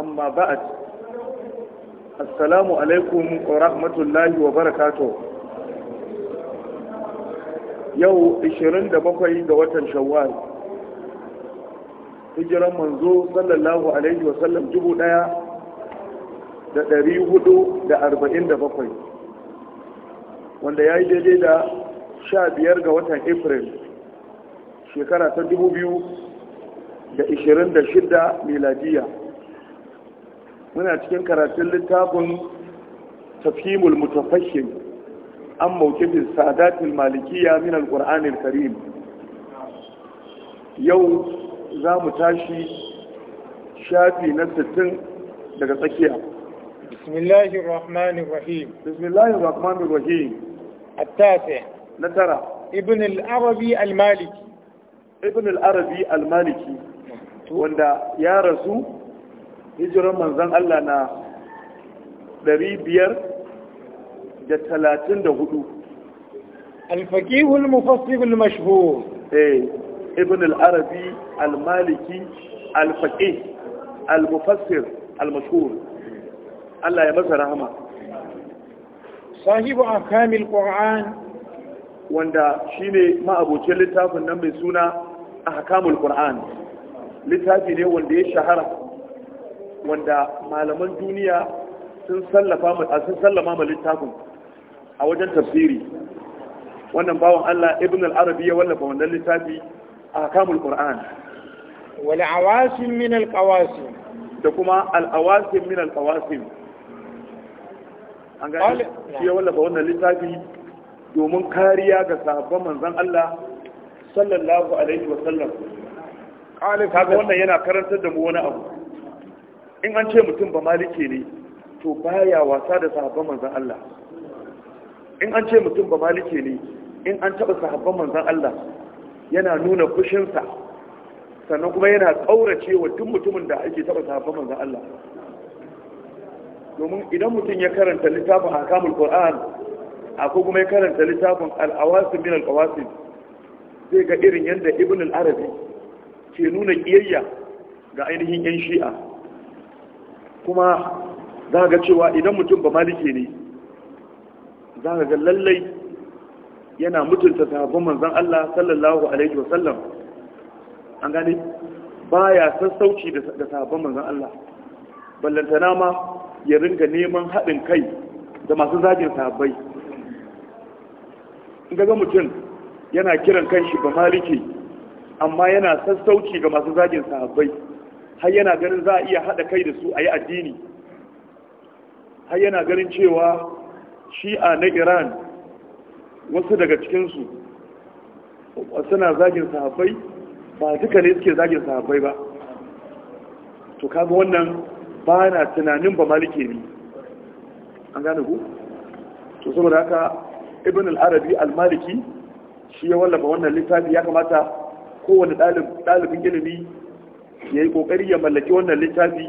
amma ba'ad assalamu alaikum wa rahmatullahi wa barakato yau 27 ga watan shawwal hijiran manzo sallallahu alaihi wa sallam dubu daya da dari hudu da arba'in da bakwai wanda ya yi daidai da sha biyar ga watan april shekara ta dubu biyu da ishirin da shida miladiya muna cikin karatun littafin tafhimul mutafashim an mawqifin sadatul malikiyya min Al-ƙur'ani alqur'ani alkarim yau za mu tashi shafi na 60 daga tsakiya bismillahir rahmanir rahim bismillahir rahmanir rahim at-tasi na tara ibn al-arabi al-maliki ibn al-arabi al-maliki wanda ya rasu hijirar manzan Allah na 534 alfaqihul mufassirul mashhur eh ibn al-arabi al-maliki al-faqih al-mufassir al-mashhur Allah ya masa rahama sahibu akamil qur'an wanda shine ma'abocin littafin nan mai suna ahkamul qur'an littafi ne wanda ya shahara wanda malaman duniya sun sallama ma littafin a wajen tafsiri wannan bawan Allah ibn al-arabi ya wallafa wannan littafi a kamul qur'an wal awasim min al qawasim da kuma al awasim min al qawasim an ga shi ya wallafa wannan littafi domin kariya ga sahabban manzon Allah sallallahu alaihi wa sallam kaga wannan yana karantar da mu wani abu in an ce mutum ba malike ne to baya wasa da sahabban manzan Allah in an ce mutum ba malike ne in an taɓa sahabban manzan Allah yana nuna fushinsa sannan kuma yana kaurace wa duk mutumin da ake taɓa sahabban manzan Allah domin idan mutum ya karanta littafin hakamul qur'an akwai kuma ya karanta littafin al-awasim min al-qawasim zai ga irin yadda ibn al-arabi ke nuna kiyayya ga ainihin yan shi'a kuma za ga cewa idan mutum ba malike ne za ga ga lallai yana mutunta sahabban manzan Allah sallallahu alaihi wasallam an gane baya sassauci da sahabban manzan Allah ballantana ma ya ringa neman haɗin kai da masu zagin sahabbai in ga mutum yana kiran kanshi ba maliki amma yana sassauci ga masu zagin sahabbai har yana ganin za a iya haɗa kai da su a yi addini har yana ganin cewa shi'a na iran wasu daga cikinsu suna zagin sahabbai ba duka ne suke zagin sahabbai ba to kama wannan ba na tunanin ba malike ne an gane ku? to saboda haka ibn al-arabi al-maliki shi ya wallafa wannan littafi ya kamata kowane ɗalibin ilimi yayi kokari ya mallaki wannan littafi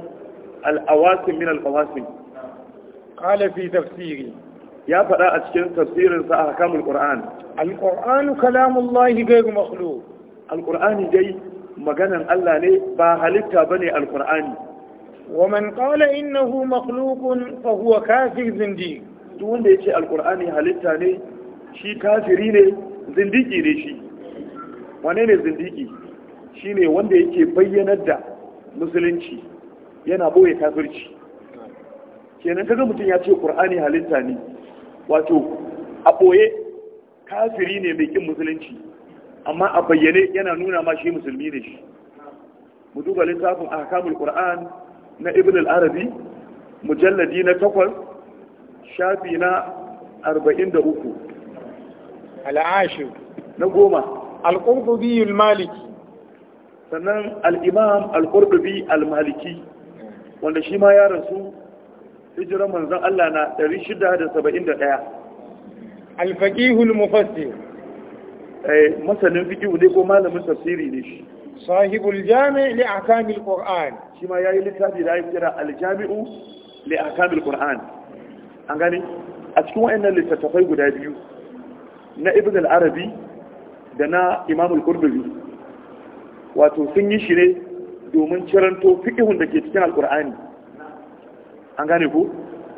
al-awasim min al-qawasim fi tafsiri ya faɗa a cikin tafsirin sa ahkamul qur'an al-qur'an kalamullahi ghayr makhluq al dai maganan Allah ne ba halitta ba ne Alƙur'ani. wa man qala innahu makhluqun fa huwa kafir zindiq duk wanda yace al-qur'ani halitta ne shi kafiri ne zindiki ne shi shine wanda yake bayyanar da musulunci yana boye kafirci kenan kaga mutum ya ce qur'ani halitta ne wato a boye kafiri ne mai kin musulunci amma a bayyane yana nuna ma shi musulmi ne shi mu duba littafin ahkamul qur'an na ibn al-arabi mujalladi na takwas shafi na 43 al-ashir na goma al maliki sannan al-imam al-qurtubi al-maliki wanda shi ma ya rasu hijiran manzan Allah na 671 al-faqihul mufassir eh masanin fiqh ne ko malamin tafsiri ne shi sahibul jami' li ahkamil qur'an shi ma yayi littafi da yake kira al-jami'u li ahkamil qur'an an gani a cikin wayannan littattafai guda biyu na ibn al-arabi da na imam al-qurtubi wato sun yi shi ne domin ciranto fiƙihun da ke cikin alƙur'ani an gane ku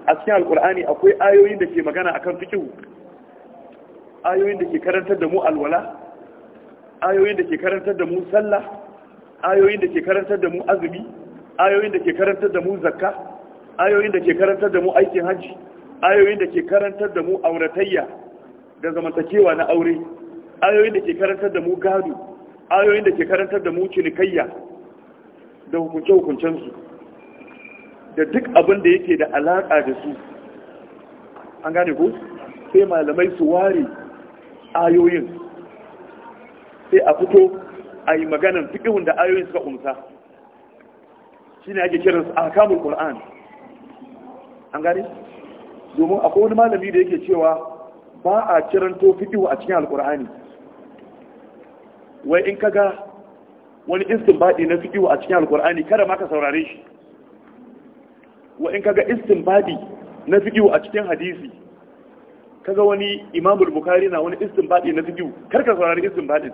a cikin alƙur'ani akwai ayoyin da ke magana a kan fiƙihu ayoyin da ke karantar da mu alwala ayoyin da ke karantar da mu sallah ayoyin da ke karantar da mu azumi ayoyin da ke karantar da mu zakka ayoyin da ke karantar da mu aikin hajji ayoyin da ke karantar da mu auratayya da zamantakewa na aure ayoyin da ke karantar da mu gado ayoyin da ke karantar da mu cinikayya da hukunce-hukuncensu da duk abin da yake da alaƙa da su an gane ku? sai malamai su ware ayoyin sai a fito a yi maganan fikihun da ayoyin suka umsa shi ne ake kiransu a kamun ƙul'an an gane domin akwai wani malami da yake cewa ba a kiranto fikihu a cikin alƙul'ani wai in kaga wani istinbadi na fiqhu a cikin alkur'ani kada ma ka saurare shi wa in kaga istinbadi na fiqhu a cikin hadisi kaga wani imam bukhari na wani istinbadi na fiqhu kar ka saurari istinbadi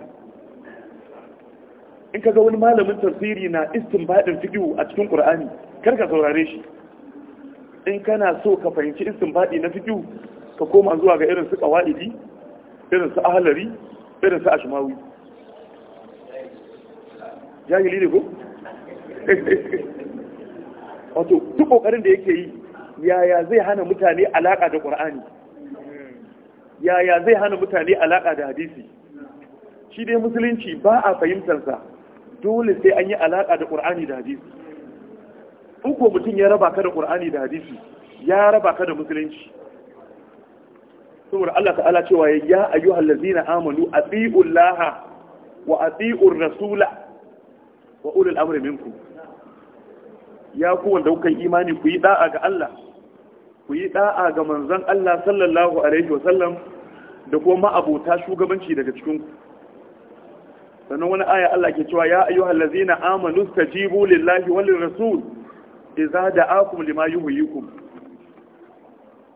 in kaga wani malamin tafsiri na istinbadin fiqhu a cikin qur'ani kar ka saurare shi in kana so ka fahimci istinbadi na fiqhu ka koma zuwa ga irin su qawaidi irin su ahlari irin su ashmawi jahili ne ko wato duk kokarin da yake yi yaya zai hana mutane alaka da qur'ani yaya zai hana mutane alaka da hadisi shi dai musulunci ba a fahimtarsa dole sai an yi alaka da qur'ani da hadisi in mutum ya raba ka da qur'ani da hadisi ya raba ka da musulunci saboda Allah ta'ala cewa ya ayyuhallazina amanu llaha wa atiiu rasula wa ulul amri minkum ya ku wanda kuka yi imani ku yi da'a ga Allah ku yi da'a ga manzon Allah sallallahu alaihi wa sallam da kuma ma'abota shugabanci daga cikin ku sannan wani aya Allah ke cewa ya ayyuhal ladzina amanu stajibu lillahi wal rasul idza da'akum lima yuhyikum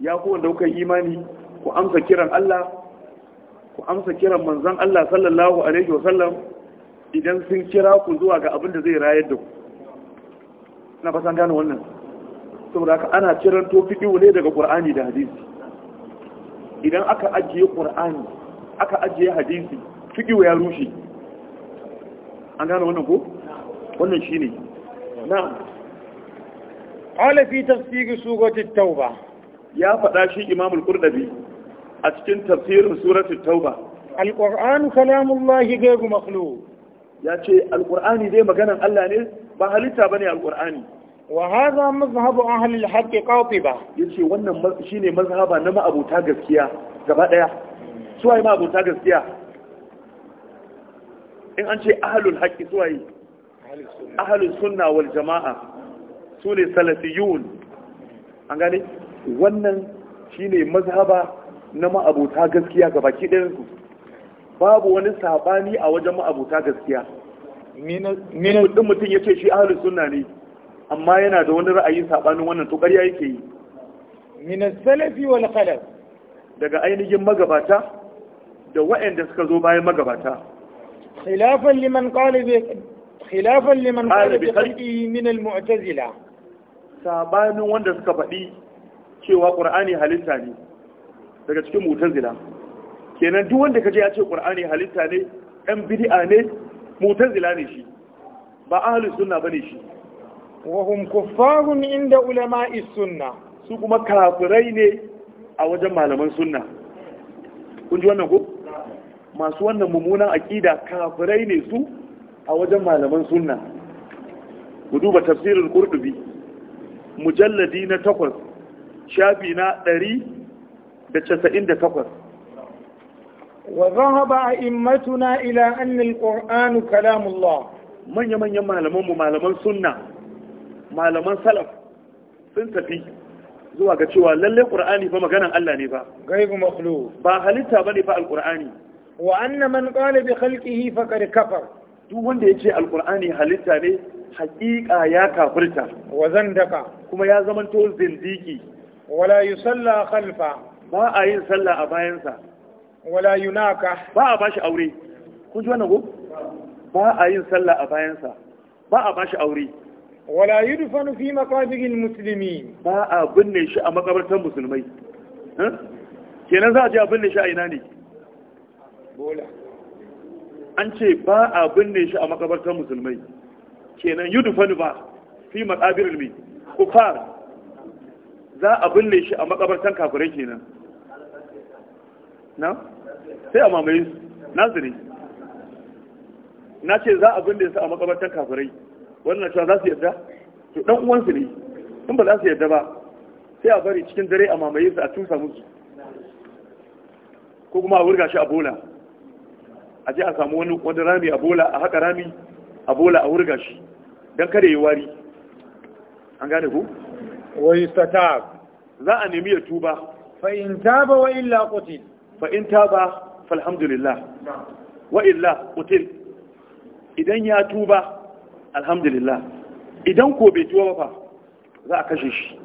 ya ku wanda kuka imani ku amsa kiran Allah ku amsa kiran manzon Allah sallallahu alaihi wa sallam idan sun kira ku zuwa ga abin da zai rayar da ku na fasan gane wannan saboda haka ana to fiɗiwo ne daga ƙur'ani da hadisi idan aka ajiye ƙur'ani aka ajiye hadisi fiɗiwo ya rushe an gane wannan ko wannan shi ne na ta fi su suratun tauba ya faɗa shi imamul ƙurɗabi a cikin tafsirin suratun tauba alƙur'anu kalamullahi gairu makhluq ya ce alkur'ani dai maganan Allah ne ba halitta ba ne alkur'ani wa haza mazhabu ahli al-haqq qatiba yace wannan shine mazhaba na ma'abuta gaskiya gaba daya su ai ma'abuta gaskiya in an ce ahlul haqqi su ai ahli sunna wal jama'a su ne salafiyun an gane wannan shine mazhaba na ma'abuta gaskiya gaba ki babu wani sabani a wajen ma'abuta gaskiya din mutum ya ce shi ahalin sunna ne amma yana da wani ra'ayin sabanin wannan to ƙarya yake yi min salafi wal khalaf daga ainihin magabata da waɗanda suka zo bayan magabata khilafan liman qala bi khilafan liman qala bi khalqihi min al mu'tazila sabanin wanda suka faɗi cewa qur'ani halitta ne daga cikin mu'tazila kenan duk wanda kaje ya ce qur'ani halitta ne ɗan bid'a ne mu'tazila ne shi ba ahlus sunna bane shi wa hum kuffarun inda ulama'i sunna su kuma kafirai ne a wajen malaman sunna kun ji wannan ko masu wannan mummunan aqida kafirai ne su a wajen malaman sunna ku duba tafsirin qurtubi mujalladi na 8 shafi na 198 وذهب أئمتنا إلى أن القرآن كلام الله من يمن يمن مالمون مالمون سنة مالمون سلف سنتفي zuwa ga cewa lalle qur'ani fa maganan Allah ne fa gaibu makhluq ba halitta bane fa alqur'ani wa anna man qala bi khalqihi faqad kafar duk wanda yace alqur'ani halitta ne haqiqa ya kafirta wa zandaka kuma ya zamanto zindiki wala yusalla khalfa ba a yin sallah a bayansa wala yunaka ba a bashi aure kun ji wannan go? ba a yin sallah a bayansa ba a bashi aure wala yudfanu fi maqabirin muslimin ba a binne shi a makabartan musulmai kenan za a je a binne shi a ina ne bola an ce ba a binne shi a makabartan musulmai kenan yudfanu ba fi maqabirin mi kufar za a binne shi a makabartan kafirai kenan na sai a mamaye su naziri na ce za a binne su a makabartar kafirai wannan cewa za su yarda to dan uwansu ne in ba za su yarda ba sai a bari cikin dare a mamaye su a tusa musu ko kuma a wurga shi a bola a je a samu wani wani rami a bola a haka rami a bola a wurga shi don kada ya wari an gane ku wai sata za a nemi ya tuba fa in taba wa illa qutil fa in ba falhamdulillah wa illa idan ya tuba alhamdulillah idan ko bai tuba ba za a kashe shi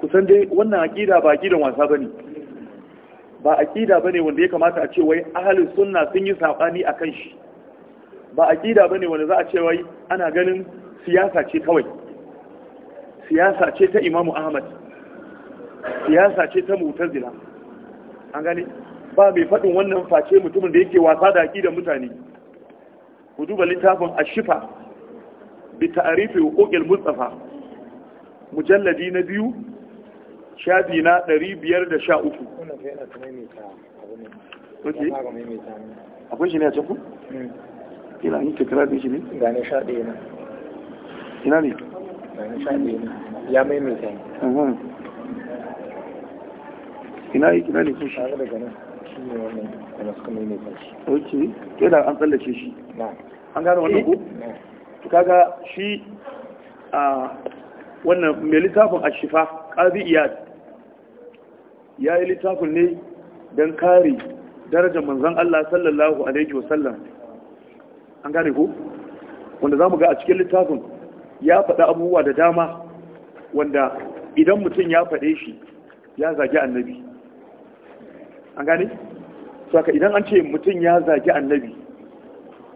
kusan dai wannan aqida ba aqidan wasa bane ba aqida bane wanda ya kamata a ce wai ahlus sunna sun yi sabani akan shi ba aqida bane wanda za a ce wai ana ganin siyasa ce kawai siyasa ce ta Imam Ahmad siyasa ce ta Mu'tazila an gane ba mai faɗin wannan face mutumin da yake wasa da haƙi da mutane ku duba littafin ashifa bi ta'arifi wa ƙoƙil mustafa mujalladi na biyu shafi na ɗari biyar da 513 okay akwai shi ne a cikin hmm. ina yin tikira da shi ne gane sha ɗaya na ina ne gane sha ɗaya na ya maimaita ne ina yi kina ne shi ok kira an tsallace shi an gano wannan ku? Eh, to kaga shi a wannan mai littafin ashifa qadi iyad ya yi littafin ne don kare darajar manzon Allah sallallahu alaihi wasallam an gane ku? wanda za mu ga a cikin littafin ya faɗi abubuwa da dama wanda idan mutum ya faɗe shi ya zagi annabi an gane saka idan an ce mutum ya zagi annabi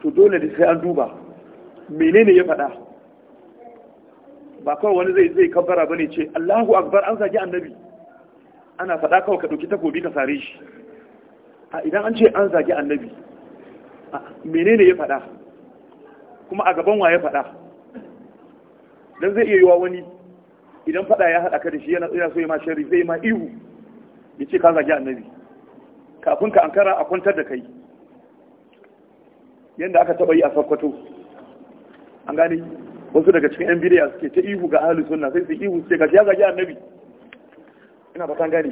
to dole da sai an duba menene ya faɗa ba kawai wani zai zai kabbara bane ce Allahu akbar an zagi annabi ana faɗa kawai ka ɗauki takobi ka sare shi a idan an ce an zagi annabi menene ya faɗa kuma a gaban wa ya faɗa dan zai iya yiwa wani idan faɗa ya haɗa ka da shi yana so ya ma shari zai ma ihu ya ce ka zagi annabi kafin ka ankara a kwantar da kai yadda aka taba yi a sakwato an gane wasu daga cikin yan bidiyar suke ta ihu ga ahalus sunna sai su ihu sai gashi ya zagi annabi ina ba kan gane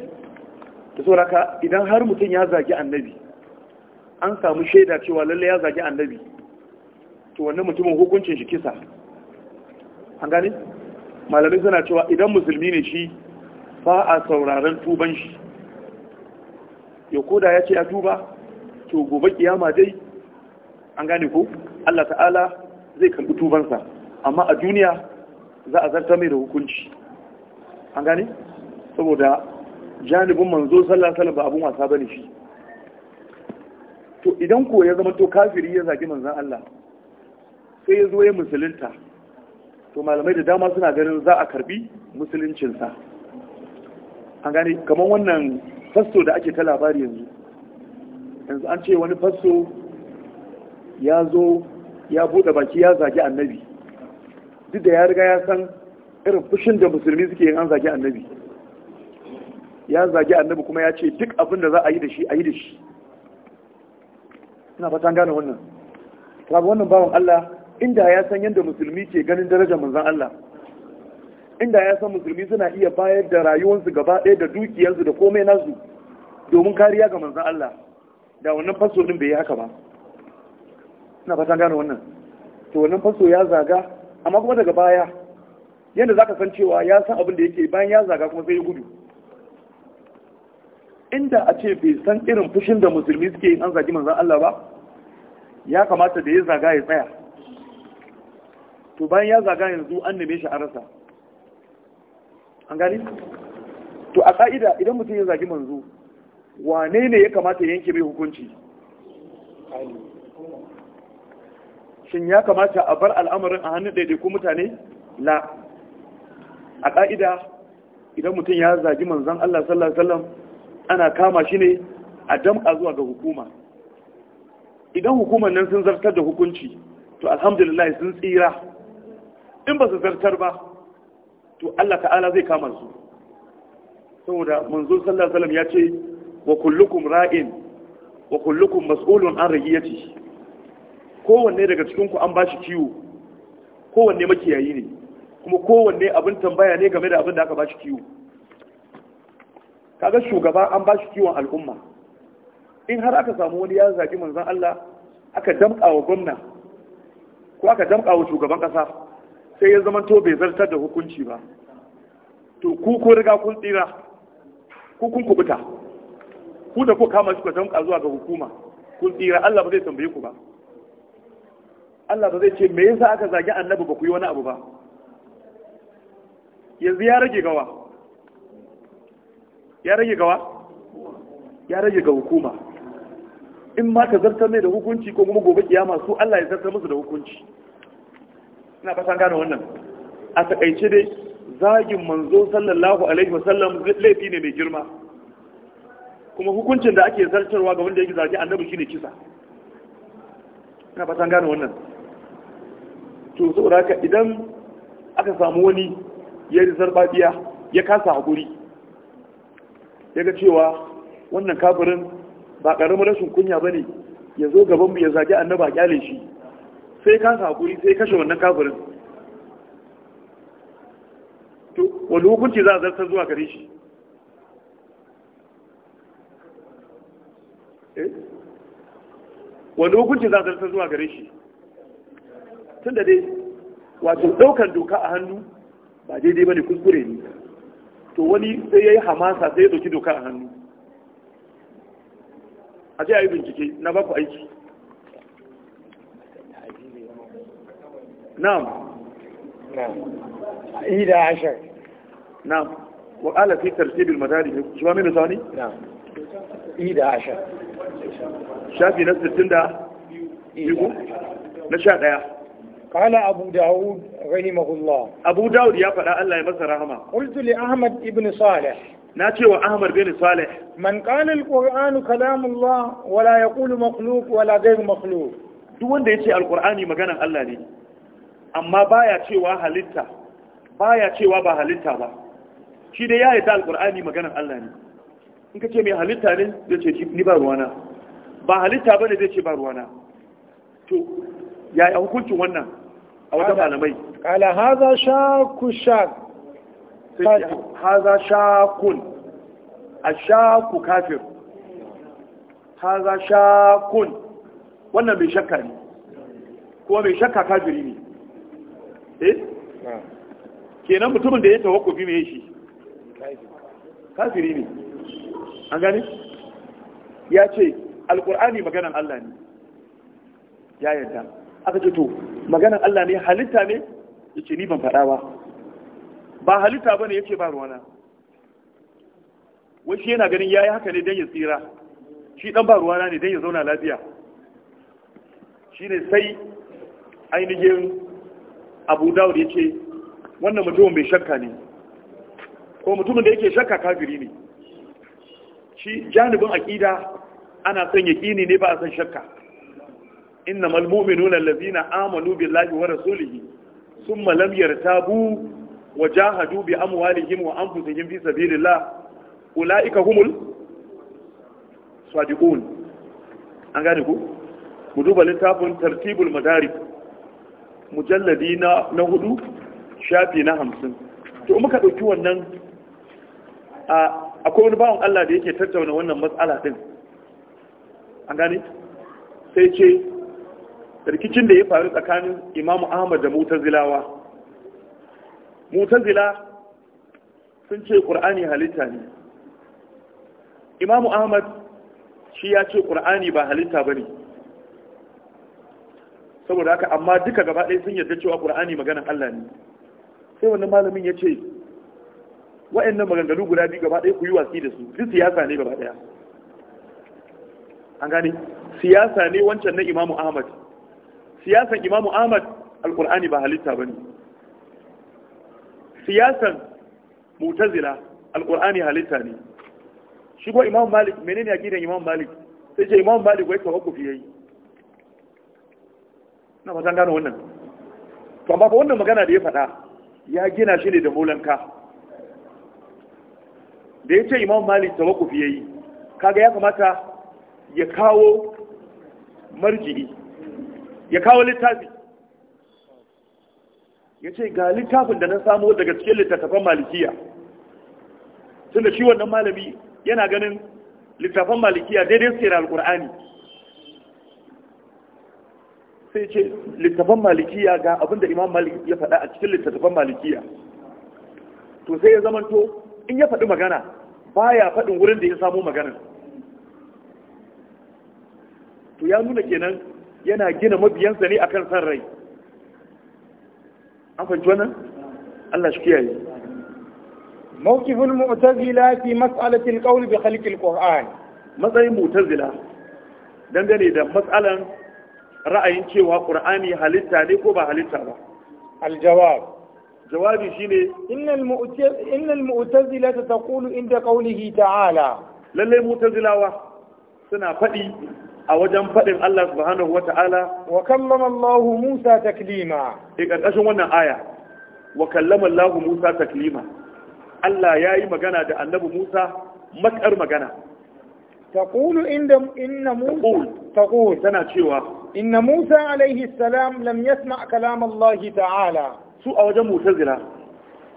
ta so raka idan har mutum ya zagi annabi an samu shaida cewa lalle ya zagi annabi to wannan mutumin hukuncin shi kisa an gane malamai suna cewa idan musulmi ne shi ba a sauraron tuban shi ya koda ya ce ya tuba to gobe kiyama dai an gane ko Allah ta'ala zai karbi tubansa amma a duniya za a zarta mai da hukunci an gane saboda janibin manzo sallallahu alaihi wasallam ba abun wasa bane shi to idan ko ya zama to kafiri ya zagi manzan Allah sai ya zo ya musulunta to malamai da dama suna ganin za a karbi musuluncinsa an gane kamar wannan fasto da ake ta labari yanzu yanzu an ce wani fasto ya zo ya buɗe baki ya zagi annabi duk da ya riga ya san irin fushin da musulmi suke yin an zagi annabi ya zagi annabi kuma ya ce duk abin da za a yi da shi a yi da shi ina fatan gane wannan sabu wannan bawan Allah inda ya san yadda musulmi ke ganin darajar manzan Allah inda ya san musulmi suna iya bayar da rayuwarsu gaba ɗaya da dukiyarsu da komai nasu domin kariya ga manzan Allah da wannan faso ɗin bai yi haka ba na fatan gane wannan to wannan faso ya zaga amma kuma daga baya yadda zaka san cewa ya san abin da yake bayan ya zaga kuma sai ya gudu inda a ce bai san irin fushin da musulmi suke yin an zagi manzan Allah ba ya kamata da ya zaga ya tsaya to bayan ya zaga yanzu an neme shi a rasa an gani to a ƙa'ida idan mutum ya zagi manzo wane ne ya kamata ya yanke mai hukunci shin ya kamata a bar al'amarin a hannun ko mutane la a ƙa'ida idan mutum ya zagi manzan Allah sallallahu Alaihi wasallam ana kama shi ne a damƙa zuwa ga hukuma idan hukumar nan sun zartar da hukunci to alhamdulillah sun tsira in ba su zartar ba to Allah ta'ala zai kama su saboda manzo sallallahu alaihi wasallam ya ce wa kullukum ra'in wa kullukum mas'ulun an kowanne daga cikin ku an bashi kiwo kowanne makiyayi ne kuma kowanne abin tambaya ne game da abin da aka bashi kiwo kaga shugaba an bashi kiwon al'umma in har aka samu wani ya zaki manzon Allah aka damƙa wa gwamna ko aka damƙa wa shugaban ƙasa sai ya zama to bai zartar da hukunci ba to ku ko riga kun tsira ku kun kubuta ku da ku kama shi ku danka zuwa ga hukuma kun tsira Allah ba zai tambaye ku ba Allah ba zai ce me yasa aka zagi annabi ba ku yi wani abu ba yanzu ya rage gawa ya rage gawa ya rage ga hukuma in ma ka zartar ne da hukunci ko kuma gobe kiyama su Allah ya zartar musu da hukunci ina fatan gane wannan a takaice dai zagin manzo sallallahu alaihi wasallam laifi ne mai girma kuma hukuncin da ake zartarwa ga wanda yake zagi annabi shine kisa ina fatan gane wannan to saboda idan aka samu wani ya yi zarbabiya ya kasa hakuri ya ga cewa wannan kafirin ba karamin rashin kunya bane ne ya zo gabanmu ya zagi annaba kyale shi sai ka hakuri sai kashe wannan kafirin to wani hukunci za a zartar zuwa gare shi eh? wani hukunci za a zarta zuwa gare shi tun da dai wato ɗaukar doka a hannu ba daidai ba ne kuskure ne to wani sai ya yi hamasa sai ya ɗauki doka a hannu a ce a yi bincike na baku aiki نعم نعم إحدى عشر نعم وقال في ترتيب المدارج شو من ثاني نعم إحدى عشر شافي نفس التندى يقول نشاء ده قال أبو داود رحمه الله أبو داود يا فلا الله يمس رحمه قلت لأحمد ابن صالح ناتي وأحمد بن صالح من قال القرآن كلام الله ولا يقول مخلوق ولا غير مخلوق duk wanda ya ce alkur'ani maganan Allah ne amma baya cewa halitta baya cewa ba halitta ba shi dai ya yi ta alkur'ani maganar Allah ne in ka ce mai halitta ne zai ce ni ba ruwana ba halitta ba ne zai ce ba ruwana to yi hukuncin wannan a wata malamai kala haza shaku shak haza shakun a shaku kafir haza shakun wannan mai shakka ne kuma mai shakka kafiri ne Eh? kenan mutumin da ya tawakkufi mai shi kafiri ne an gani. ya ce alkur'ani maganan Allah ne ya yarda aka ce to maganan Allah ne halitta ne yace ni ban faɗa ba ba halitta ya ce ba ruwana wasu yana ganin ya yi haka ne don ya tsira shi dan ba ruwana ne don ya zauna lafiya Shi ne sai ainihin abu dawud ya ce wannan mutumin mai shakka ne ko mutumin da yake shakka kafiri ne shi janibin aƙida ana son yaƙini ne ba a son shakka inna malmuminun allazina amanu billahi wa rasulihi thumma lam yartabu wa jahadu bi amwalihim wa anfusihim fi sabilillah ulaika humul sadiqun an gane ku Mu duba littafin tartibul madarik mujalladi na hudu shafi na hamsin to muka ɗauki wannan akwai wani bawon Allah da yake tattauna wannan matsala din an gani? sai ce rikicin da ya faru tsakanin imamu ahmad da mutazilawa mutazila sun ce ƙur'ani halitta ne imamu ahmad shi ya ce ƙur'ani ba halitta ba ne saboda haka amma duka gaba ɗaya sun yarda cewa qur'ani maganan Allah ne sai wannan malamin ya ce wa'annan maganganu guda biyu gaba ɗaya ku yi watsi da su duk siyasa ne gaba ɗaya an gane siyasa ne wancan na imamu ahmad siyasan imamu ahmad Alƙur'ani ba halitta ba ne siyasan mutazila alkur'ani halitta ne shi ko imamu malik menene ya gidan imamu malik sai ce imamu malik wai tawakkufi yayi na ba gano wannan to amma ko wannan magana da ya faɗa ya gina shi ne da molanka da ya ce imam malik tawakufi ya yi kaga ya kamata ya kawo marji'i ya kawo littafi ya ce ga littafin da na samu daga cikin littattafan malikiya tunda shi wannan malami yana ganin littafan malikiya daidai suke da alkur'ani sai ce littafan malikiya ga abinda imam malik ya faɗa a cikin littattafan malikiya to sai ya zamanto in ya faɗi magana baya faɗin wurin da ya samo magana. to ya nuna kenan yana gina mabiyansa ne akan san rai an fahimci wannan Allah shi kiyaye mawqiful mu'tazila fi mas'alati al-qawl bi khalqi quran matsayin mu'tazila dangane da mas'alan ra'ayin cewa qur'ani halitta ne ko ba halitta ba aljawab jawabi shine innal mu'tazila innal mu'tazila taqulu inda qawlihi ta'ala lalle mu'tazilawa suna faɗi a wajen faɗin Allah subhanahu wa ta'ala wa kallama Allah Musa taklima e ƙarƙashin wannan aya wa kallama Allah Musa taklima Allah ya yi magana da annabi Musa makar magana taqulu inda inna Musa taqul tana cewa inna Musa alaihi salam lam yasma kalam Allah ta'ala su a wajen mutazila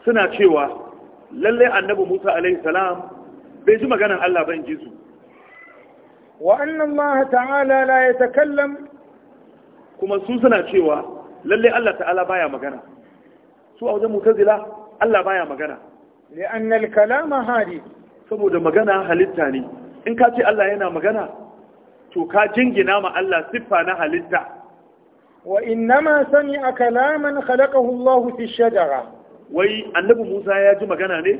suna cewa lalle annabi Musa alaihi salam bai ji maganar Allah ban ji su wa anna Allah ta'ala la yatakallam kuma su suna cewa lalle Allah ta'ala baya magana su a wajen mutazila Allah baya magana li'anna al-kalama hadith saboda magana halitta ne in ka ce Allah yana magana to ka jingina ma Allah siffa na halitta wa innama sami'a kalaman khalaqahu Allah fi shajara wai annabi Musa ya ji magana ne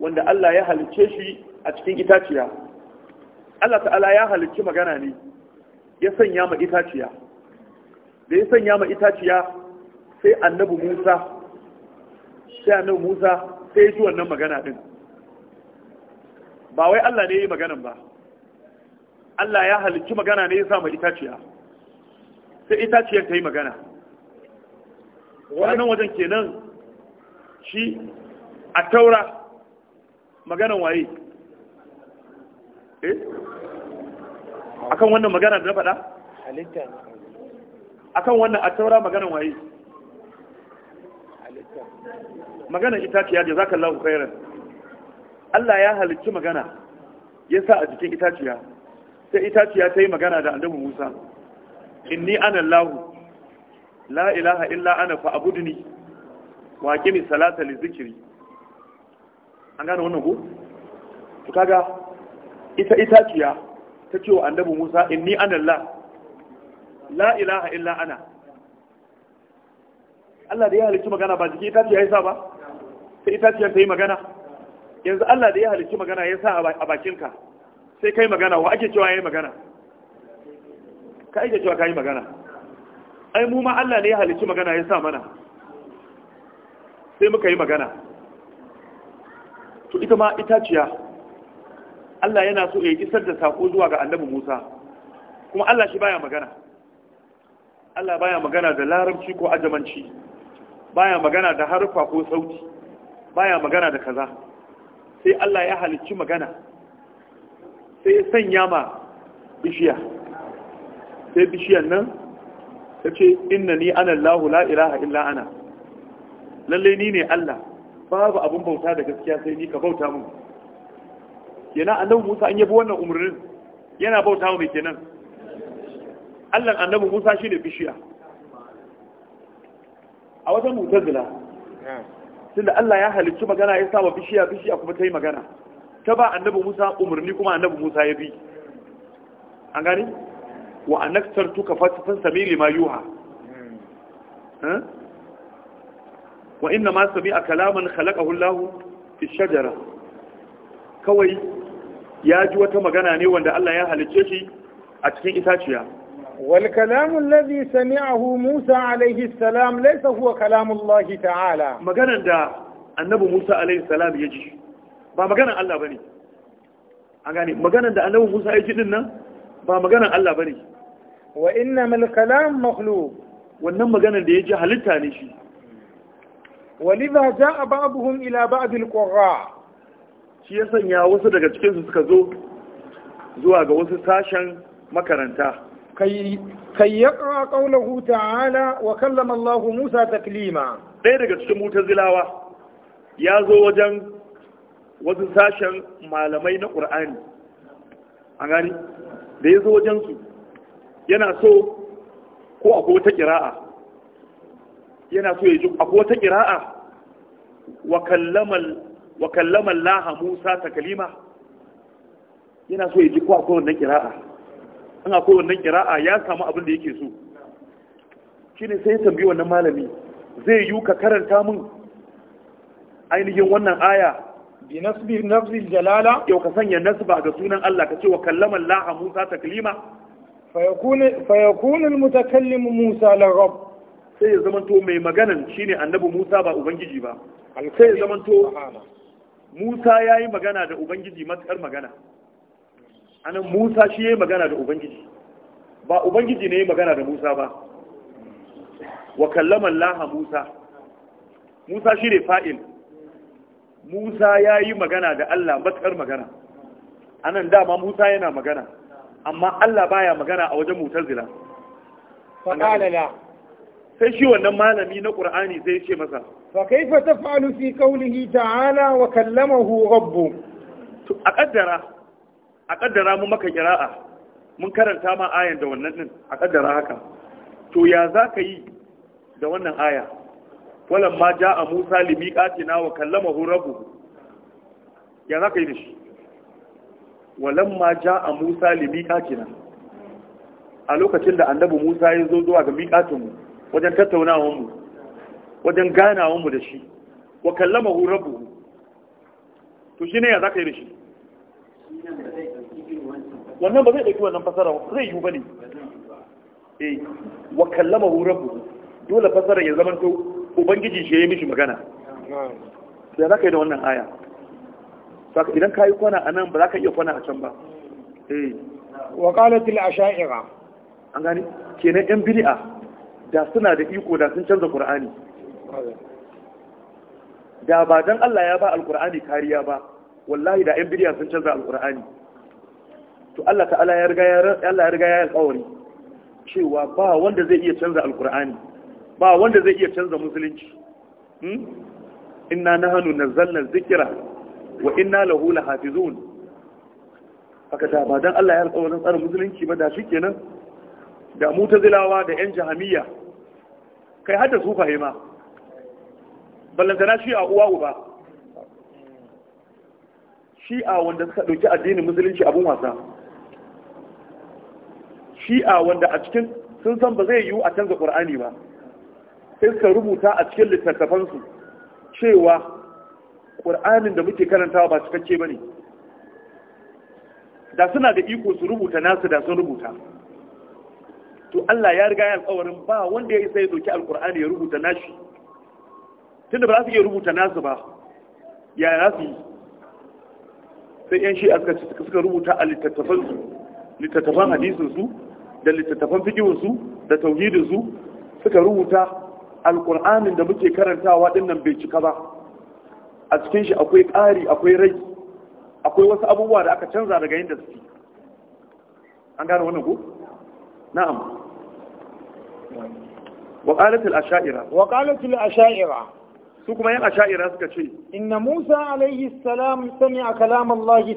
wanda Allah ya halicce shi a cikin itaciya Allah ta'ala ya halicci magana ne ya sanya ma itaciya da ya sanya ma itaciya sai annabi Musa sai annabi Musa sai ya ji wannan magana din ba wai Allah ne ya yi maganan ba Allah ya halicci magana ne ya sa mai itaciya sai itaciyar ta yi magana wannan wajen kenan shi a taura maganan waye eh akan wannan magana da na faɗa halitta akan wannan a taura maganan waye maganan itaciya da za ka khairan Allah ya halicci magana ya sa a jikin itaciya sai itaciya ta yi magana da annabi Musa inni ana Allahu la ilaha illa ana fa abudni wa aqimi salata li zikri an gane wannan ko to kaga ita itaciya ta ce wa annabi Musa inni ana Allah la ilaha illa ana Allah da ya halicci magana ba jiki itaciya ya sa ba sai itaciyar ta yi magana yanzu Allah da ya halicci magana ya sa a bakinka sai kai magana wa ake cewa yayi magana ka ake cewa kai magana ai mu ma Allah ne ya halicci magana ya sa mana sai muka yi magana to ita ma itaciya Allah yana so ya isar da sako zuwa ga Annabi Musa kuma Allah shi baya magana Allah baya magana da larabci ko ajamanci baya magana da harfa ko sauti baya magana da kaza sai Allah ya halicci magana sai ya sanya ma bishiya sai bishiyan nan ta ce inna ni ana Allah la ilaha illa ana lalle ni ne Allah babu abin bauta da gaskiya sai ni ka bauta mun yana annabi Musa an yabi wannan umarnin yana bauta mai kenan Allah annabi Musa shi ne bishiya a wajen mutazila tunda Allah ya halicci magana ya saba bishiya bishiya kuma ta yi magana ta ba annabi Musa umarni kuma annabi Musa ya bi an gani wa anaktar tuka fasifan samiri ma yuha wa inna ma sami a kalaman khalaqahu Allah fi kawai ya ji wata magana ne wanda Allah ya halicce shi a cikin itaciya wal kalamu alladhi sami'ahu Musa alayhi salam laysa huwa kalamu Allah ta'ala maganar da annabi Musa alayhi salam ya ji ba maganan Allah ba ne. an gane maganan da annabi Musa ya ji din nan ba maganan Allah ba ne. wa mal kalam makhluq wannan maganan da ya ji halitta ne shi jaa ba'dhum ila ba'd al qurra shi ya sanya wasu daga cikinsu suka zo zuwa ga wasu sashen makaranta kai yaqra qawluhu ta'ala wa kallama Allah Musa taklima ɗaya daga cikin mutazilawa ya zo wajen wasu sashen malamai na ƙur'ani a gani da ya zo wajensu yana so ko akwai wata ƙira'a yana so ya ji akwai ƙira'a wa kallamar laha musa ta kalima yana so ya ji ko akwai wannan ƙira'a an akwai wannan ƙira'a ya samu abin da yake so shi ne sai tambi wannan malami zai yi ka karanta min ainihin wannan aya bi nasbi nafsil jalala yau ka sanya nasba ga sunan Allah ka ce wa kallama Allah Musa taklima fa yakunu fa Musa la rabb ya zamanto mai maganan shine annabi Musa ba ubangiji ba sai ya zamanto magana da ubangiji matsar magana anan Musa shi yayi magana da ubangiji ba ubangiji ne yayi magana da Musa ba wa Musa Musa shi ne Musa ya yi magana da Allah matuƙar magana anan dama Musa yana magana amma Allah baya magana a wajen mutazila Fakalala. sai shi wannan malami na ƙur'ani zai ce masa fa ta taf'alu fi qawlihi ta'ala wa kallamahu rabbu a ƙaddara, a ƙaddara mu maka kira'a mun karanta ma ayan da wannan ɗin a ƙaddara haka to ya za ka yi da wannan aya walan ma ja a musa limi na wa kallamahu rabbuhu ya za ka yi da shi walan ma ja a musa limi na a lokacin da annabi musa ya zo zuwa ga miqatinmu wajen tattaunawar mu wajen wa mu da shi wa kallamahu rabbuhu to shi ne ya za ka yi da shi wannan ba zai ɗauki wannan fasara zai yi ba ne eh wa kallamahu rabbuhu dole fasara ya zama to ubangiji shi ya yi mishi magana sai za ka yi da wannan aya saka idan ka yi kwana a nan ba za ka iya kwana a can ba eh. wa qalatil asha'ira an gani kenan yan bid'a da suna da iko da sun canza qur'ani da ba dan Allah ya ba alqur'ani kariya ba wallahi da yan bid'a sun canza alqur'ani to Allah ta'ala ya riga ya Allah ya riga ya alƙawari cewa ba wanda zai iya canza alqur'ani ba wanda zai iya canza musulunci hmm? inna nahnu nazzalna dhikra wa inna lahu lahafizun haka da ba dan Allah ya alƙawarin tsarin musulunci ba da shikenan da mutazilawa da yan jahamiyya kai hada su fahima ballantana shi a uwa uba shi'a wanda suka ɗauki addinin musulunci abin wasa shi'a wanda a cikin sun san ba zai yiwu a canza ƙur'ani ba sai suka rubuta a cikin littattafansu cewa ƙur'anin da muke karantawa ba cikakke ba ne da suna da iko su rubuta nasu da sun rubuta to Allah ya riga ya alƙawarin ba wanda ya isa ya doki alƙur'ani ya rubuta nashi tunda ba za su iya rubuta nasu ba ya za yi sai yan aka suka rubuta a littattafansu littattafan hadisinsu da littattafan su da tauhidinsu suka rubuta alƙur'anin da muke karantawa ɗinnan bai cika ba a cikin shi akwai ƙari akwai rai akwai wasu abubuwa da aka canza daga yin da suke an gane wannan ku? na'am وقالت الأشائرة وقالت suka ce. Inna Musa سكتشي إن sani a السلام سمع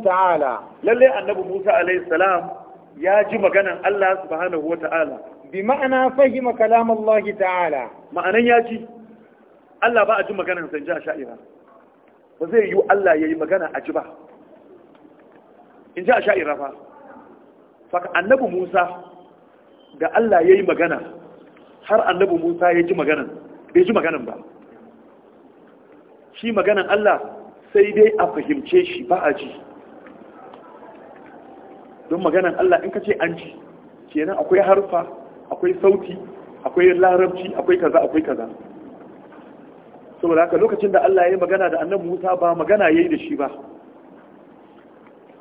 ta'ala. Lallai تعالى Musa أنه موسى ya ji يا Allah الله سبحانه ta'ala. bi ma'ana fahima kalam Allah ta'ala ma'anan ya ji Allah ba a ji maganar sanje a sha'ira ba zai yi Allah ya yi magana a ji ba in ji a sha'ira fa faka annabi Musa da Allah ya yi magana har annabi Musa ya ji maganan bai ji maganan ba shi maganan Allah sai dai a fahimce shi ba a ji don maganar Allah in ka ce an ji kenan akwai harfa akwai sauti akwai larabci akwai kaza akwai kaza saboda haka lokacin da Allah ya yi magana da annabi Musa ba magana yayi da shi ba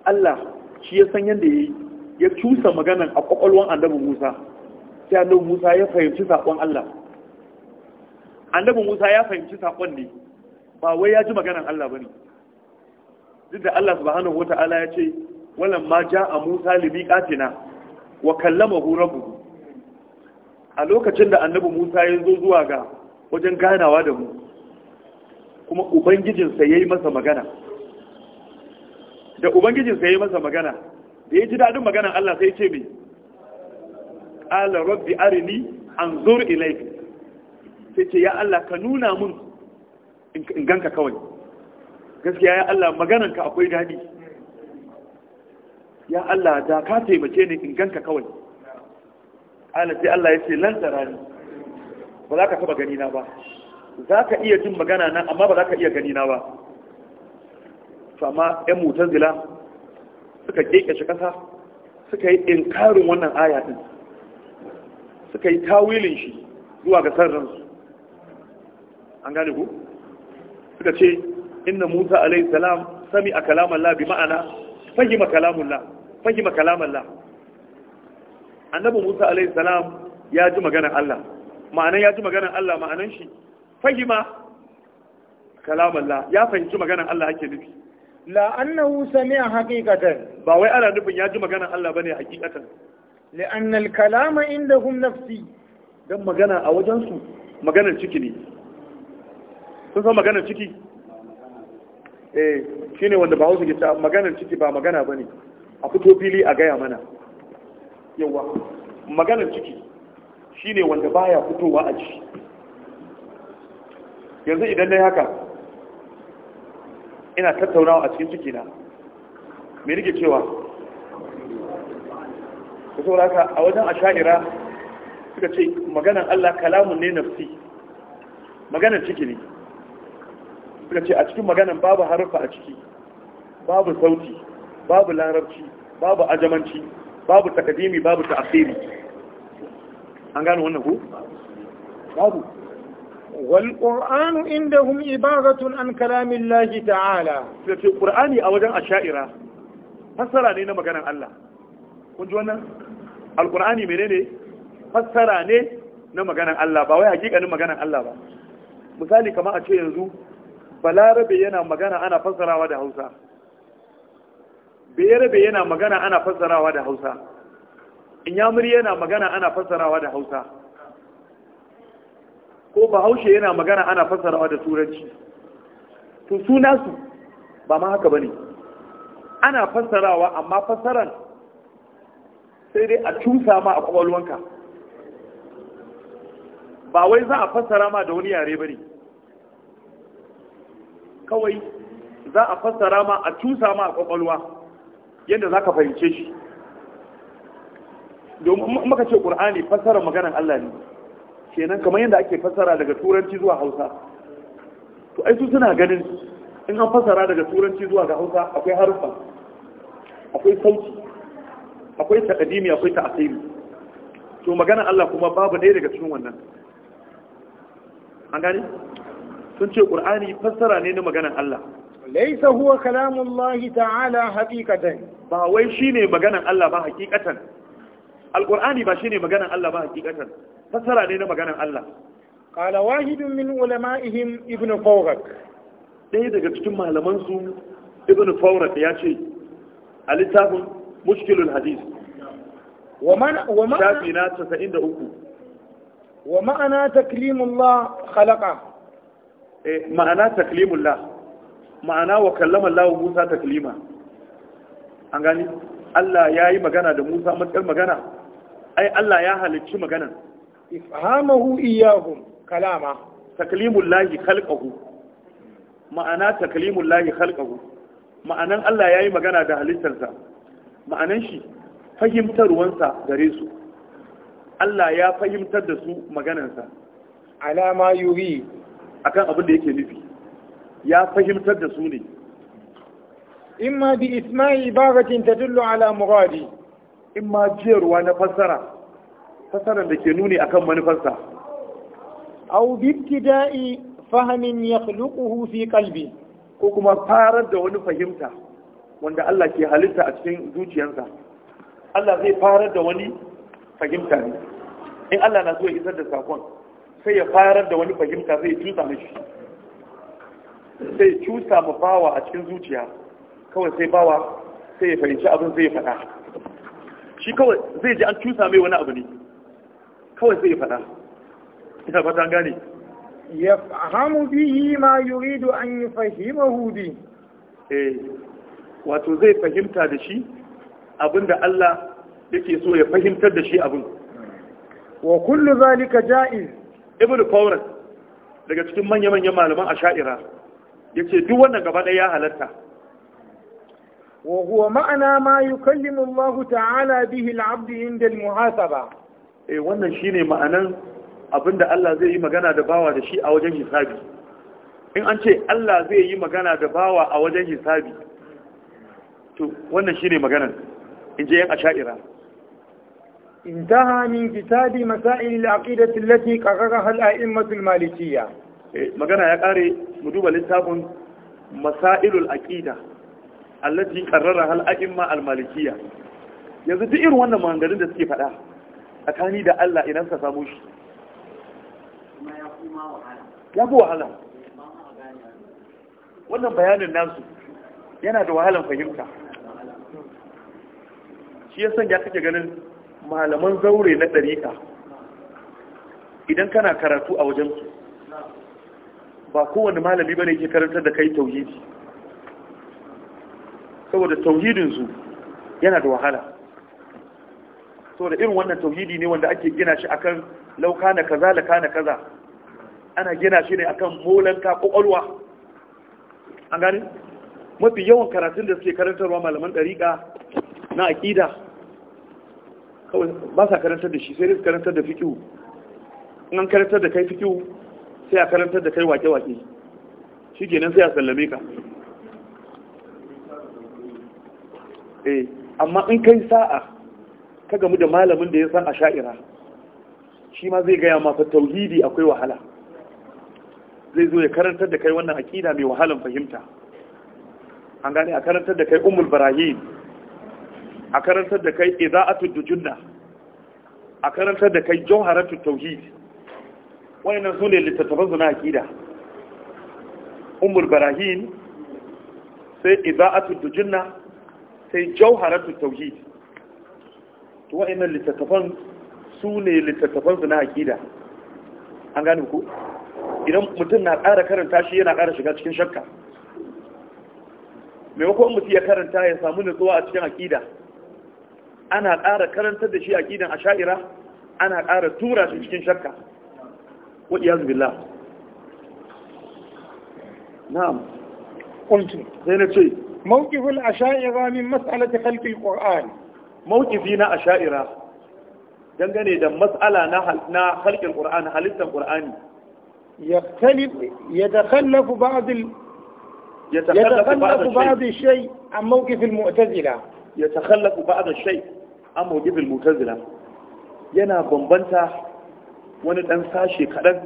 Allah shi ya san yadda yayi ya cusa maganan a kwakwalwan annabi Musa sai annabi Musa ya fahimci sakon Allah annabi Musa ya fahimci sakon ne ba wai ya ji maganan Allah bane duk da Allah subhanahu wata'ala ya ce wanan ma ja'a Musa li miqatina wa kallamahu rabbuhu a lokacin da annabi Musa ya zo zuwa ga wajen ganawa da mu kuma ubangijinsa ya yi masa magana da ubangijinsa ya yi masa magana da ya ji daɗin magana Allah sai ce mai ƙala rabbi arini an zur ilaik sai ce ya Allah ka nuna mun in ganka kawai gaskiya ya Allah magananka akwai daɗi ya Allah da ka taimake ni in ganka kawai ala sai Allah ya ce tsara ne ba za ka taba gani na ba za ka iya jin magana nan amma ba za ka iya gani na ba to amma ƴan zila suka kekeshe kasa suka yi inkarin wannan ayatun suka yi tawilin shi zuwa ga sarran su an gane ku suka ce inna Musa alaihi salam sami a kalaman la bi ma'ana Fahimakalamun la Fahimakalamun la annabi Musa alaihi salam ya ji maganar Allah ma'anan ya ji maganar Allah ma'anan shi fahima kalamallah ya fahimci maganar Allah ake nufi wusa ne a hakikatar. ba wai ana nufin ya ji maganar Allah ba ne a bane haqiqatan لأن الكلام عندهم نفسي Don magana a wajensu maganar ciki ne sun san maganar ciki eh shi ne wanda ba hausa ke ta maganar ciki ba magana ba ne. a fito fili a gaya mana yawa maganar ciki shi ne wanda baya fitowa a ji yanzu idan na haka ina tattaunawa a cikin ciki na me rike cewa ku sauraka a wajen asha'ira suka ce maganar Allah kalamun ne nafsi maganar ciki ne suka ce a cikin maganar babu harufa a ciki babu sauti babu larabci babu ajamanci babu takadimi babu ta'asiri an gano wannan ku babu wal qur'anu indahum ibaratun an kalamillahi ta'ala sai qur'ani a wajen ashaira fassara ne na maganar Allah kun ji wannan al menene fassara ne na maganar Allah ba wai hakikanin maganar Allah ba misali kamar a ce yanzu balarabe yana magana ana fassarawa da Hausa bayarabe yana magana ana fassarawa da hausa inyamuri yana magana ana fassarawa da hausa ko bahaushe yana magana ana fassarawa da turanci to suna su ba ma haka bane ana fassarawa amma fassaran sai dai a cusa ma a kwakwalwanka ba wai za a fassara ma da wani yare bane kawai za a fassara ma a cusa ma a kwakwalwa yadda za ka fahimce shi domin maka ce ƙur'ani fassara maganan Allah ne kenan kamar yadda ake fassara daga turanci zuwa hausa to ai su suna ganin in an fassara daga turanci zuwa ga hausa akwai harufa akwai sauti akwai takadimi akwai ta'asiri to maganan Allah kuma babu ɗaya daga cikin wannan an gani sun ce ƙur'ani fassara ne na maganan Allah laisa huwa kalamullahi ta'ala haƙiƙatan. ba wai shi ne maganan Allah ba haqiqatan alqur'ani ba shi ne maganan Allah ba haqiqatan fasara ne na maganan Allah qala wahidun min ulama'ihim ibn fawrak dai daga cikin malamansu ibn fawrak ya ce a littafin mushkilul hadith wa man wa man shafi wa ma'ana taklimullah khalaqa eh, ma'ana taklimullah ma'ana wa kallama Allah Musa taklima an gani Allah ya yi magana da Musa matsar magana ai Allah ya halicci maganan ifhamahu iyahum kalama taklimul lahi khalqahu ma'ana taklimul lahi khalqahu ma'anan Allah ya yi magana da halittarsa ma'anan shi fahimtarwansa gare su Allah ya fahimtar da su maganansa alama yuri akan abin da yake nufi ya fahimtar da su ne imma bi isma'i ta dullu ala muradi imma jiyarwa na fassara fassarar da ke nuni akan manufarsa aw bi ibtida'i fahmin yakhluquhu fi qalbi ko kuma farar da wani fahimta wanda Allah ke halitta a cikin zuciyarsa Allah zai farar da wani fahimta ne in Allah na zuwa isar da sakon sai ya farar da wani fahimta zai tusa mashi sai cusa ma bawa a cikin zuciya kawai sai bawa sai ya fahimci abin zai faɗa shi kawai zai ji an cusa mai wani abu ne kawai sai ya faɗa ina fata gane ya hamu bihi ma yuridu an yi fahimahu hudi eh wato zai fahimta da shi abinda Allah yake so ya fahimtar da shi abin wa kullu zalika ja'iz ibnu fawras daga cikin manya-manyan malaman asha'ira ya ce duk wannan gaba ɗaya ya halatta Wa ma'ana وهو معنى ما يكلم الله bihi به inda عند المحاسبة eh wannan shi ne ma'anan abinda Allah zai yi magana da bawa da shi a wajen hisabi in an ce Allah zai yi magana da bawa a wajen hisabi to wannan shi ne maganan in je yan asha'ira intaha min kitabi masail al-aqidah allati qarraraha al-a'immah al-malikiyya Eh, magana ya kare mu duba littafin masailul aqida allati qarrara hal a'imma al malikiyya yanzu duk irin wannan maganganun da suke faɗa tsakani da Allah idan ka samu shi ya fi wahala wannan bayanin nasu yana da wahalan fahimta shi ya sanya kake ganin malaman zaure na ɗariƙa idan kana karatu a wajensu ba kowane malami bane ke karantar da kai tauhidi saboda tauhidin su yana da wahala saboda irin wannan tauhidi ne wanda ake gina shi akan lauka na kaza la kana kaza ana gina shi ne akan molanka kokolwa an gani mafi yawan karatun da suke karantarwa malaman dariƙa na aƙida kawai ba sa karantar da shi sai dai su karantar da fikihu in an karantar da kai fikihu sai a karantar da kai wake-wake shi kenan sai a sallame ka eh, amma in kai sa'a ka gamu da malamin da ya san a sha'ira shi ma zai gaya masa tauhidi akwai wahala zai zo ya karantar da kai wannan akida mai wahalan fahimta an gane a karantar da kai umul barahim a karantar da kai iza'atul dujunna a karantar da kai jawharatul tauhid wayannan su ne littattafan su na akida umul barahin sai idza'atul dujunna sai jawharatul tauhid to wayannan littattafan su ne littattafan su na akida an gane ku idan mutum na ƙara karanta shi yana ƙara shiga cikin shakka maimakon mutum ya karanta ya samu nutsuwa a cikin akida ana ƙara karantar da shi akidan a sha'ira ana ƙara tura shi cikin shakka wa iyaz na'am qultu sai na ce mawqiful asha'ira min ta khalqi alquran mawqifi na a sha'ira dangane da mas'ala na halkin khalqi halittar halittan Ya yaktalif yadakhallafu ba'd يتخلف بعض الشيء عن موقف المعتزلة يتخلف بعض الشيء عن موقف المعتزلة yana bambanta wani ɗan sashe kaɗan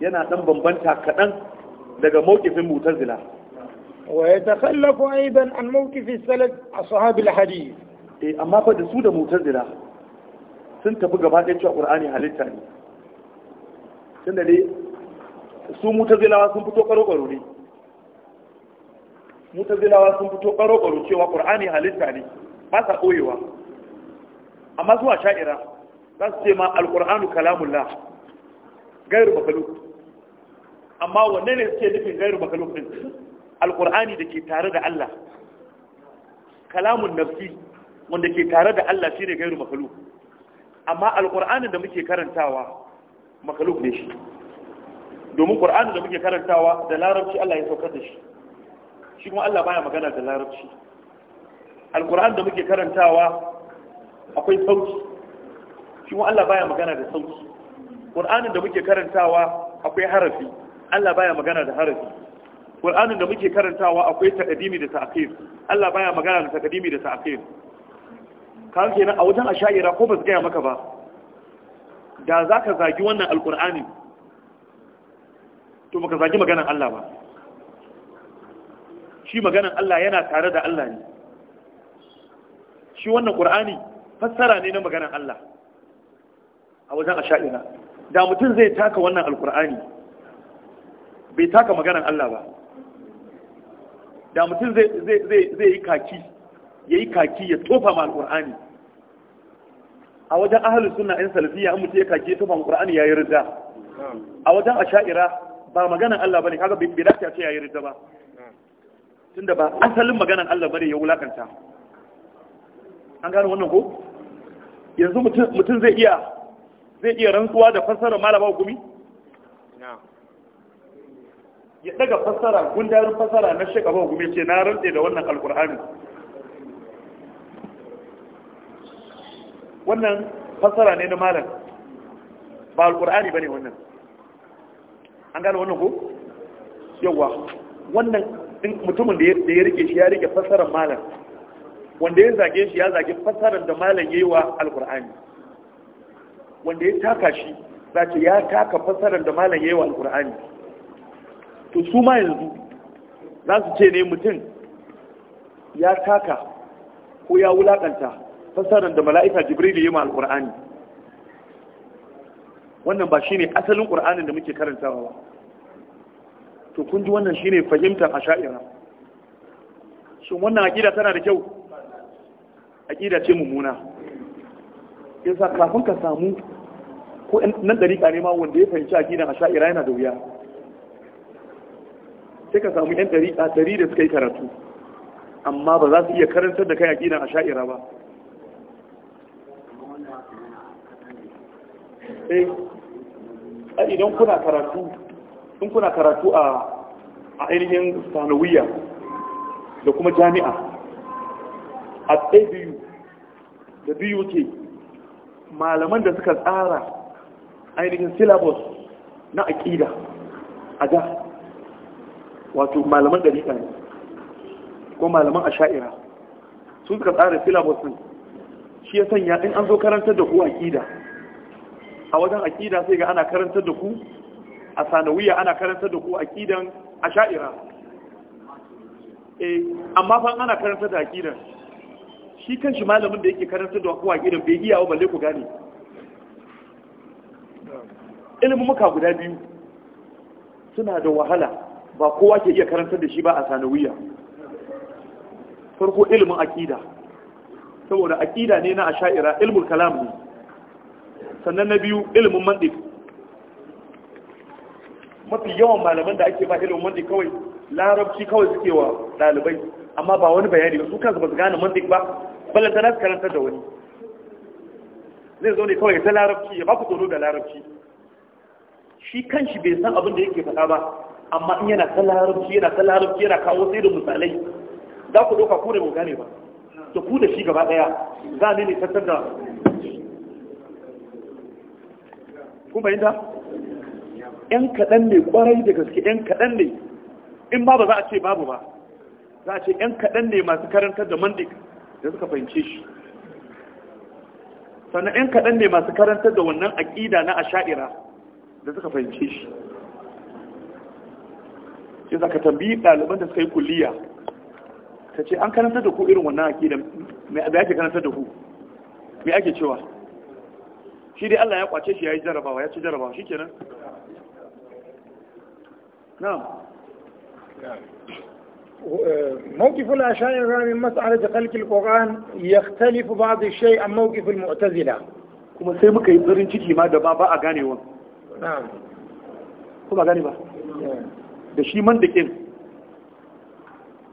yana ɗan bambanta kaɗan daga mawkifin mutazila wa yatakhallafu aidan an mawkifi a ashab alhadith eh amma fa da su da mutazila sun tafi gaba ɗaya cewa qur'ani halitta ne tunda dai su mutazilawa sun fito karo-karo ne mutazilawa sun fito karo-karo cewa qur'ani halitta ne ba sa koyewa amma zuwa sha'ira za su ce ma alkur'anu kalamullah gairu makaluk amma wanne ne suke nufin gairu makaluk din alkur'ani da ke tare da Allah kalamun nafsi wanda ke tare da Allah shine gairu makaluk amma alkur'anin da muke karantawa makaluk ne shi domin qur'anin da muke karantawa da larabci Allah ya saukar da shi shi kuma Allah baya magana da larabci alkur'an da muke karantawa akwai sauti shi kuma Allah baya magana da sauti Qur'anin da muke karantawa akwai harafi Allah baya magana da harafi Qur'anin da muke karantawa akwai taqdimi da ta'khir Allah baya magana da taqdimi da ta'khir kan kenan a wajen ashayira ko ba su gaya maka ba da za ka zagi wannan alkur'ani to baka zagi maganar Allah ba shi maganar Allah yana tare da Allah ne shi wannan ƙur'ani fassara ne na maganar Allah a wajen a sha'ina da mutum zai taka wannan alkur'ani bai taka maganan Allah ba da mutum zai yi kaki ya yi kaki ya tofa ma alkur'ani a wajen ahalin suna yan salafiya an mutum ya kaki ya tofa ma alkur'ani ya yi rida a wajen a sha'ira, ba maganan Allah ba ne kaga bai dace a ce ya yi rida ba tunda ba asalin maganan Allah ne ya wulakanta an gano wannan ko yanzu mutum zai iya zai iya rantsuwa da fassara malama gumi ya daga fassara gundarin fassara na shekaba abu gumi ce na rantse da wannan alkur'ani wannan fassara ne na malam ba alkur'ani ba ne wannan an gane wannan ko yawa wannan mutumin da ya rike shi ya rike fassarar malam wanda ya zage shi ya zage fassarar da malam ya yi wa alkur'ani wanda ya taka shi za ce ya taka fasarar da malam yi wa alqur'ani to su ma yanzu za su ce ne mutum ya taka ko ya wulaƙanta fasarar da mala'ika jibril yi ma alqur'ani wannan ba shine asalin ƙur'ani da muke karantawa ba to kun ji wannan shine fahimtar asha'ira shin wannan aƙida tana da kyau aƙida ce mummuna yasa kafin ka samu ko nan dariƙa ne ma wanda ya fahimci a asha'ira yana da wuya sai ka samu yan dariƙa dari da suka yi karatu amma ba za su iya karantar da kai a asha'ira ba eh idan kuna karatu in kuna karatu a a ainihin sanawiya da kuma jami'a a tsaye biyu da biyu ke malaman da suka tsara ainihin syllabus na aƙida a da wato malaman dariƙa ne ko malaman asha'ira su suka tsara syllabus ɗin shi ya sanya in an zo karantar da ku aƙida a wajen aƙida sai ga ana karantar da ku a sanawiya ana karantar da ku aƙidan asha'ira eh amma fa ana karantar da aƙidan shi kan shi malamin da yake karantar da ku aƙidan bai iya wa balle ku gane ilimin muka guda biyu suna da wahala ba kowa ke iya karantar da shi ba a sanawiya farko ilimin aƙida saboda aƙida ne na a sha'ira, ilimin kalam ne sannan na biyu ilimin mandi mafi yawan malaman da ake ba ilimin mandi kawai larabci kawai suke wa ɗalibai amma ba wani bayani ba su kansu ba su gane mandi ba ballanta na su karantar da wani zai zo ne kawai ta larabci ya ba ku tsoro da larabci shi kanshi bai san abin da yake faɗa ba amma in yana ta larabci yana ta larabci yana kawo sai da misalai za ku ɗauka ku da mu gane ba da ku da shi gaba ɗaya za ne ne tattar da bai da yan kaɗan ne ƙwarai da gaske yan kaɗan ne in ba ba za a ce babu ba za a ce yan kaɗan ne masu karantar da mandik da suka fahimce shi sannan yan kaɗan ne masu karantar da wannan aƙida na asha'ira da suka fahimce shi shi za ka tambayi ɗaliban da suka yi kulliya ta ce an karanta da ku irin wannan aƙidan mai da yake karanta da ku mai ake cewa shi dai Allah ya kwace shi ya yi jarabawa ya ci jarabawa shi kenan na موقف الأشاعرة من مسألة خلق القرآن يختلف بعض الشيء عن موقف المعتزلة كما sai muka yi tsirin ما دبابة أغاني ba kuma gani ba da shi man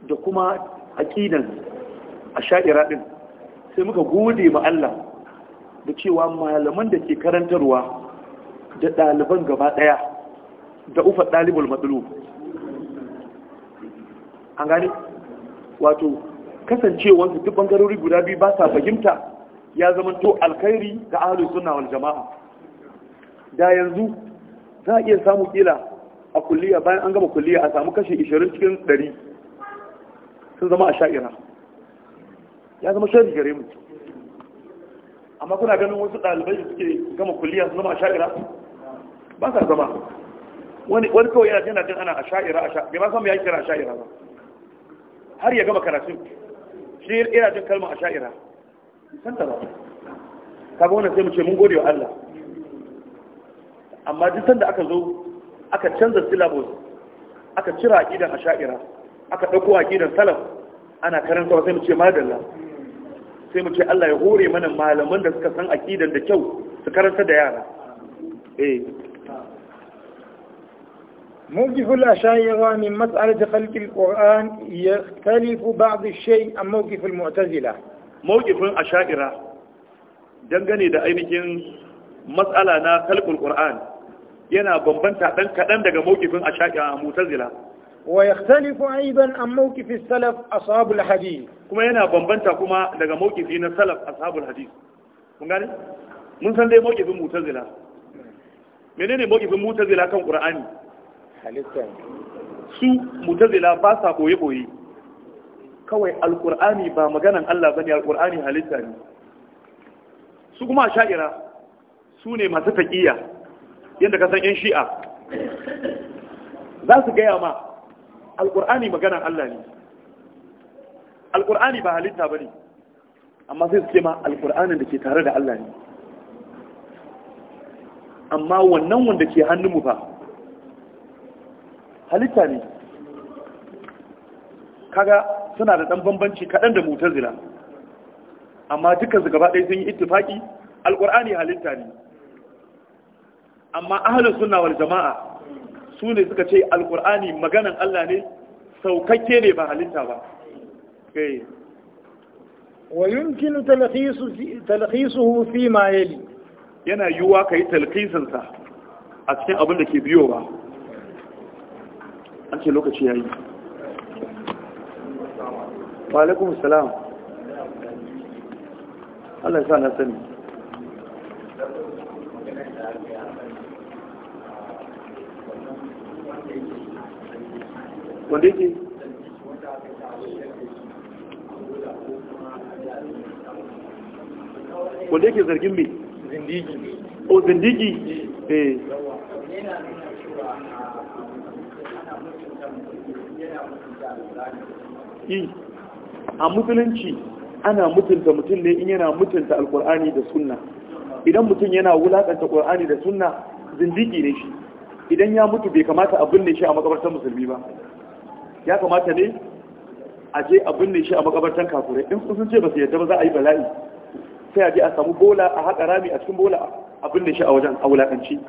da kuma aqidan a sha'ira ɗin, sai muka gode ma Allah da cewa malaman da ke karantarwa da ɗaliban gaba ɗaya da ufa ɗalibul matsalo an gani wato kasancewansu duk bangarori guda biyu ba sa fahimta ya zama to alkhairi ga ahalin suna wal jama'a da yanzu za a iya samu kila a kulliya bayan an gama kulliya a samu kashi 20 cikin 100 sun zama a sha'ira ya zama shari gare mu amma kuna ganin wasu ɗalibai da suke gama kulliya sun zama a sha'ira ba sa zama wani kawai yana jana jin ana a sha'ira a sha'ira ba samu ya kira a sha'ira ba har ya gama karatun shi yana jin kalmar a sha'ira san ta ba kaga wannan sai mu ce mun gode wa Allah amma duk sanda aka zo aka canza syllabus aka cira aqidan asha'ira aka dauko aqidan salaf ana karanta sai mu ce madalla sai mu ce Allah ya hore mana malaman da suka san aqidan da kyau su karanta da yara eh موجه الأشاعرة من مسألة خلق القرآن يختلف بعض الشيء عن موقف المعتزلة موجه الأشاعرة dangane da ainihin matsala na ƙur'an yana bambanta ɗan kaɗan daga mawqifin asha'a mu'tazila wa yakhtalifu aidan an mawkifi salaf ashabul hadith kuma yana bambanta kuma daga mawkifi na salaf ashabul hadith mun gane mun san dai mawkifin mu'tazila menene mawkifin mu'tazila kan qur'ani halitta su mu'tazila ba sa boye boye kawai alkur'ani ba maganan Allah bane alkur'ani halitta ne su kuma sha'ira su ne masu taƙiyya yadda ka san yan shi'a za su gaya ma alƙur'ani maganan Allah ne alƙur'ani ba halitta ba ne amma sai su ce ma alƙur'anin da ke tare da Allah ne amma wannan wanda ke hannunmu ba halitta ne kaga suna da ɗan bambanci kaɗan da zira amma dukkan su gaba ɗaya sun yi ittifaki alƙur'ani halitta ne amma ahlus sunna wal jama'a su ne suka ce alqur'ani maganan Allah ne saukakke ne ba halitta ba kai eh. wa yumkinu talkhisu talkhisuhu fi ma yali yana yuwa kai talkhisin sa a cikin abin da ke biyo ba an ce lokaci yayi wa alaikum assalam Allah ya sa na sani wanda yake zargin mai zindigi o zindigi eh a musulunci ana mutunta mutum ne in yana mutunta alkur'ani da sunna idan mutum yana wulaƙanta alkur'ani da sunna zindigi ne shi idan ya mutu bai kamata abin ne shi a makabartar musulmi ba ya kamata ne a je a binne shi a makabartan kafure, in sun ce ba su yadda ba za a yi bala'i sai a je a samu bola a haɗa rami a cikin bola a binne shi a wajen a wulaƙanci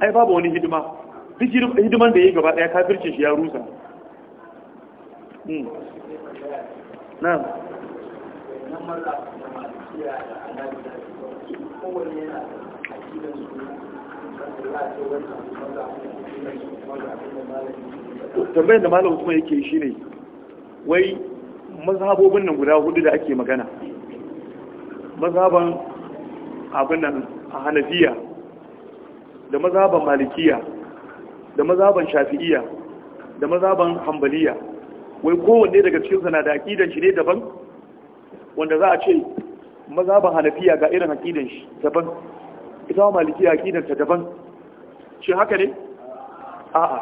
ai babu wani hidima duk hidiman da ya yi gaba ɗaya kafirce shi ya rusa hmm. na'am tambayar da malam kuma yake shi ne wai mazhabobin nan guda hudu da ake magana mazhaban abin nan a hanafiya da mazhaban malikiya da mazhaban shafi'iya da mazhaban hambaliya wai kowanne daga cikin sana da aƙidan shi ne daban wanda za a ce mazhaban hanafiya ga irin aƙidan shi daban ita maliki a ta daban shi haka ne a'a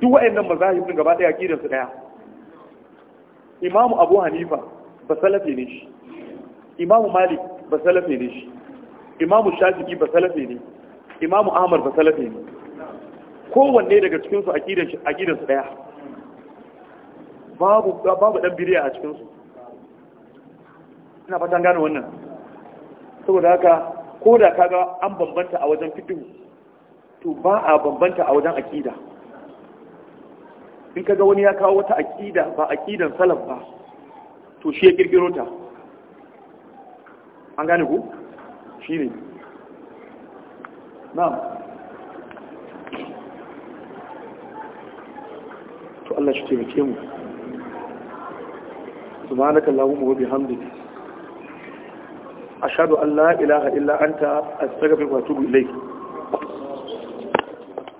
duk wayannan mazahib din gaba daya a su daya imam abu hanifa ba salafi ne shi imam malik ba salafi ne shi imam shafi'i ba salafi ne imam ahmad ba salafi ne kowanne daga cikin su aqidar shi su daya babu babu dan biriya a cikin su ina fatan gane wannan saboda haka ko da kaga an bambanta a wajen fiqh to ba a bambanta a wajen aƙida. in kaga wani ya kawo wata aƙida ba aƙidan salaf ba to shi ya kirkiro ta an gane ku ne Na. to Allah shi taimake mu allahumma wa bihamdika ashhadu an la ilaha illa anta astaghfiruka wa laifi.